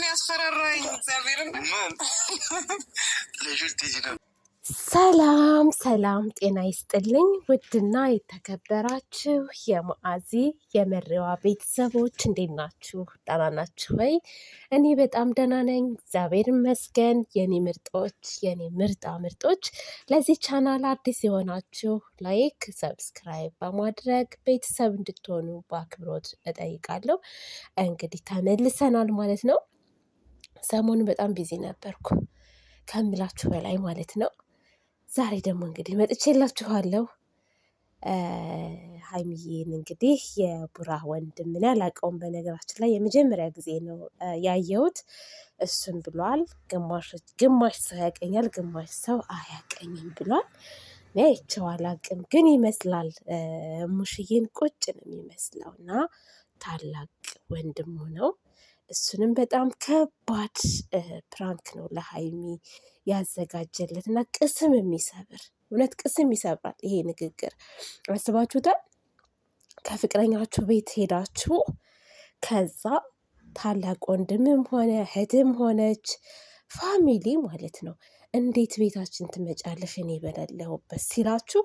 ነው ያስፈራራኝ። እግዚአብሔርን ሰላም ሰላም፣ ጤና ይስጥልኝ። ውድና የተከበራችሁ የማአዚ የመሪዋ ቤተሰቦች እንዴት ናችሁ? ደህና ናችሁ ወይ? እኔ በጣም ደህና ነኝ፣ እግዚአብሔር ይመስገን። የኔ ምርጦች፣ የኔ ምርጣ ምርጦች፣ ለዚህ ቻናል አዲስ የሆናችሁ ላይክ፣ ሰብስክራይብ በማድረግ ቤተሰብ እንድትሆኑ በአክብሮት እጠይቃለሁ። እንግዲህ ተመልሰናል ማለት ነው። ሰሞኑ በጣም ቢዚ ነበርኩ ከምላችሁ በላይ ማለት ነው። ዛሬ ደግሞ እንግዲህ መጥቼላችኋለሁ። ሀይሚዬን እንግዲህ የቡራ ወንድም እኔ አላውቀውም። በነገራችን ላይ የመጀመሪያ ጊዜ ነው ያየሁት። እሱን ብሏል። ግማሽ ሰው ያቀኛል፣ ግማሽ ሰው አያቀኝም ብሏል። እኔ አይቼው ግን ይመስላል ሙሽዬን ቁጭ ነው የሚመስለው እና ታላቅ ወንድሙ ነው። እሱንም በጣም ከባድ ፕራንክ ነው ለሀይሚ ያዘጋጀለት እና ቅስም የሚሰብር እውነት ቅስም ይሰብራል ይሄ ንግግር። አስባችሁታል? ከፍቅረኛችሁ ቤት ሄዳችሁ ከዛ ታላቅ ወንድምም ሆነ እህትም ሆነች ፋሚሊ ማለት ነው እንዴት ቤታችን ትመጫለሽ እኔ በሌለሁበት ሲላችሁ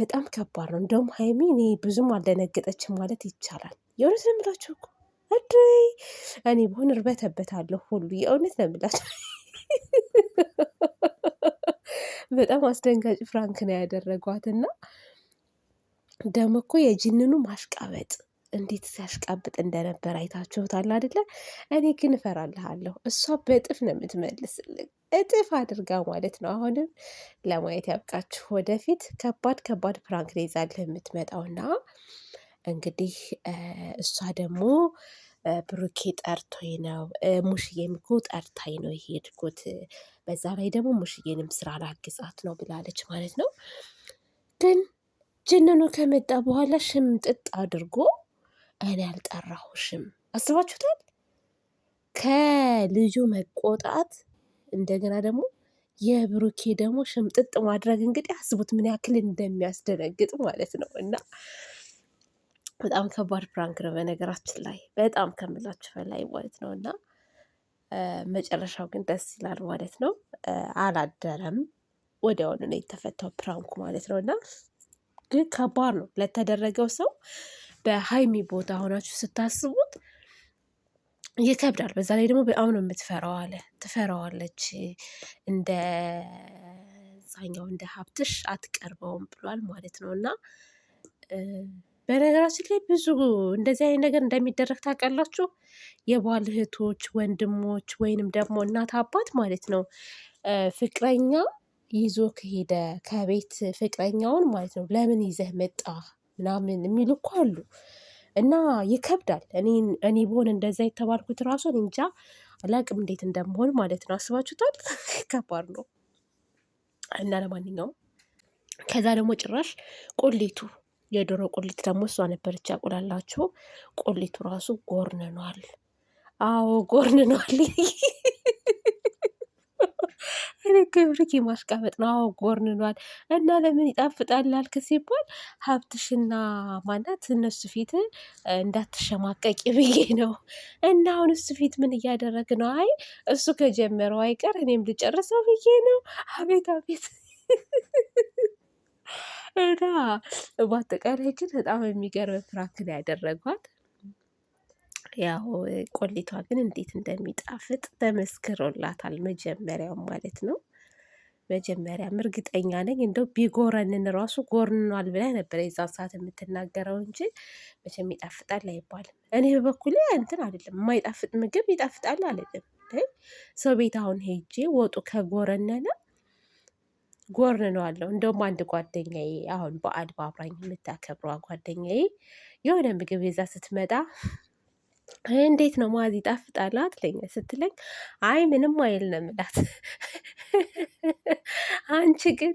በጣም ከባድ ነው። እንደውም ሀይሚ እኔ ብዙም አልደነገጠችም ማለት ይቻላል። የእውነት ነው የምላችሁ እኮ አድሬ እኔ በሆን እርበተበታለሁ ሁሉ የእውነት ነው የምላቸው። በጣም አስደንጋጭ ፍራንክ ነው ያደረጓት እና ደግሞ እኮ የጅንኑ ማሽቃበጥ እንዴት ሲያሽቃብጥ እንደነበር አይታችሁታል አይደለ? እኔ ግን እፈራልሃለሁ። እሷ በእጥፍ ነው የምትመልስልህ፣ እጥፍ አድርጋ ማለት ነው። አሁንም ለማየት ያብቃችሁ። ወደፊት ከባድ ከባድ ፕራንክ ነው ይዛልህ የምትመጣውና እንግዲህ እሷ ደግሞ ብሩኬ ጠርቶኝ ነው ሙሽዬም እኮ ጠርታኝ ነው የሄድኩት፣ በዛ ላይ ደግሞ ሙሽዬንም ስራ ላግዛት ነው ብላለች ማለት ነው። ግን ጅንኑ ከመጣ በኋላ ሽምጥጥ አድርጎ እኔ አልጠራሁሽም፣ አስባችሁታል? ከልጁ መቆጣት እንደገና ደግሞ የብሩኬ ደግሞ ሽምጥጥ ማድረግ እንግዲህ አስቡት ምን ያክል እንደሚያስደነግጥ ማለት ነው እና በጣም ከባድ ፕራንክ ነው በነገራችን ላይ በጣም ከምላችሁ በላይ ማለት ነው። እና መጨረሻው ግን ደስ ይላል ማለት ነው። አላደረም፣ ወዲያውኑ ነው የተፈታው ፕራንኩ ማለት ነው። እና ግን ከባድ ነው ለተደረገው ሰው በሀይሚ ቦታ ሆናችሁ ስታስቡት ይከብዳል። በዛ ላይ ደግሞ በጣም ነው የምትፈራው አለ ትፈራዋለች። እንደ ዛኛው እንደ ሀብትሽ አትቀርበውም ብሏል ማለት ነው እና በነገራችን ላይ ብዙ እንደዚህ አይነት ነገር እንደሚደረግ ታውቃላችሁ። የባል እህቶች፣ ወንድሞች ወይንም ደግሞ እናት አባት ማለት ነው ፍቅረኛ ይዞ ከሄደ ከቤት ፍቅረኛውን ማለት ነው ለምን ይዘህ መጣ ምናምን የሚሉ እኮ አሉ። እና ይከብዳል። እኔ በሆን እንደዛ የተባልኩት ራሱ እንጃ አላቅም እንዴት እንደምሆን ማለት ነው። አስባችሁታል? ከባድ ነው። እና ለማንኛውም ከዛ ደግሞ ጭራሽ ቆሌቱ የዶሮ ቁሊት ደግሞ እሷ ነበረች ያቁላላችሁ። ቁሊቱ ራሱ ጎርንኗል። አዎ ጎርንኗል። እኔ ክብሪት የማሽቃበጥ ነው። አዎ ጎርንኗል። እና ለምን ይጣፍጣል ላልክ ሲባል ሀብትሽና ማናት እነሱ ፊት እንዳትሸማቀቂ ብዬ ነው። እና አሁን እሱ ፊት ምን እያደረግ ነው? አይ እሱ ከጀመረው አይቀር እኔም ልጨርሰው ብዬ ነው። አቤት አቤት እና በአጠቃላይ ግን በጣም የሚገርም ፍራክን ያደረጓት ያው ቆሊቷ ግን እንዴት እንደሚጣፍጥ ተመስክሮላታል። መጀመሪያው ማለት ነው። መጀመሪያም እርግጠኛ ነኝ እንደው ቢጎረንን ራሱ ጎርኗል ብላ ነበረ የዛን ሰዓት የምትናገረው እንጂ መቼም ይጣፍጣል አይባልም። እኔ በበኩሌ እንትን አይደለም የማይጣፍጥ ምግብ ይጣፍጣል አይደለም። ሰው ቤት አሁን ሄጄ ወጡ ከጎረነነ ጎርነዋለሁ። እንደውም አንድ ጓደኛዬ አሁን በዓል በአብራኝ የምታከብረዋ ጓደኛዬ የሆነ ምግብ ይዛ ስትመጣ እንዴት ነው ማዚ ጣፍጣለ አትለኝ ስትለኝ፣ አይ ምንም አይል ነው ምላት። አንቺ ግን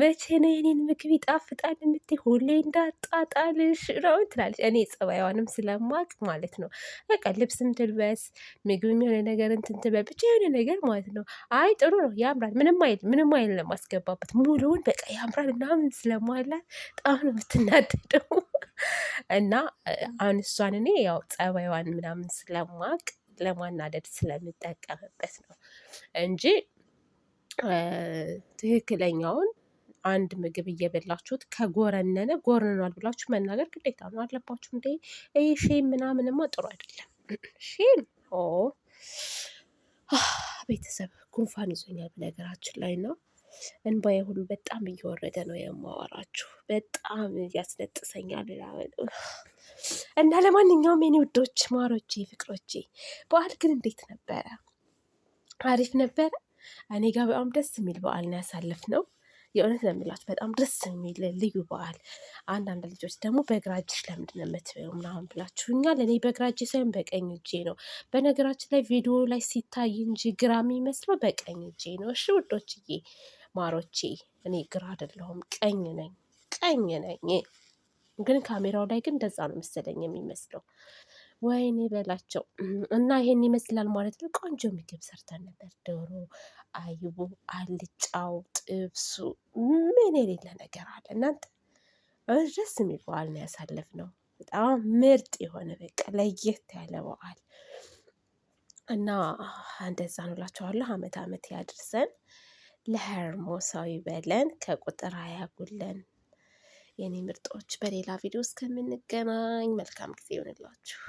መቼ ነው የኔን ምግብ ይጣፍጣል የምትይ? ሁሌ እንዳጣጣልሽ ነው ትላለች። እኔ ጸባይዋንም ስለማቅ ማለት ነው በቃ ልብስም ትልበስ ምግብም የሆነ ነገር እንትን ትበል ብቻ የሆነ ነገር ማለት ነው። አይ ጥሩ ነው ያምራል፣ ምንም አይል ምንም አይል ነው ማስገባበት ሙሉውን በቃ ያምራል ምናምን ስለማላት ጣም ነው የምትናደደው። እና አሁን እሷን እኔ ያው ጸባይዋን ምናምን ስለማቅ ለማናደድ ስለምጠቀምበት ነው እንጂ ትክክለኛውን አንድ ምግብ እየበላችሁት ከጎረነነ ጎረኗል ብላችሁ መናገር ግዴታ ነው አለባችሁ። እንደ ይሄ ሼም ምናምንማ ጥሩ አይደለም። ሼም ቤተሰብ ጉንፋን ይዞኛል ነገራችን ላይ ነው። እንባዬ ሁሉ በጣም እየወረደ ነው የማወራችሁ። በጣም ያስነጥሰኛል። እና ለማንኛውም የኔ ውዶች፣ ማሮቼ፣ ፍቅሮቼ በዓል ግን እንዴት ነበረ? አሪፍ ነበረ። እኔ ጋር በጣም ደስ የሚል በዓል ነው ነው። የእውነት ነው በጣም ደስ የሚል ልዩ በዓል። አንዳንድ ልጆች ደግሞ በግራጅሽ ለምንድን ነው የምትበይው ምናምን ብላችሁኛል። እኔ በግራጅ ሳይሆን በቀኝ እጄ ነው። በነገራችን ላይ ቪዲዮ ላይ ሲታይ እንጂ ግራ የሚመስለው በቀኝ እጄ ነው። እሺ ውዶችዬ ማሮቼ እኔ ግራ አይደለሁም ቀኝ ነኝ ቀኝ ነኝ። ግን ካሜራው ላይ ግን እንደዛ ነው መሰለኝ የሚመስለው። ወይኔ በላቸው እና ይሄን ይመስላል ማለት ነው። ቆንጆ ምግብ ሰርተን ነበር። ዶሮ፣ አይቡ፣ አልጫው፣ ጥብሱ ምን የሌለ ነገር አለ እናንተ። ደስ የሚል በዓል ነው ያሳለፍነው። በጣም ምርጥ የሆነ በቃ ለየት ያለ በዓል እና እንደዛ ነው እላችኋለሁ። አመት አመት ያድርሰን። ለሄርሞሳዊ በለን ከቁጥር አያጉለን። የኔ ምርጦች፣ በሌላ ቪዲዮ እስከምንገናኝ መልካም ጊዜ ይሆንላችሁ።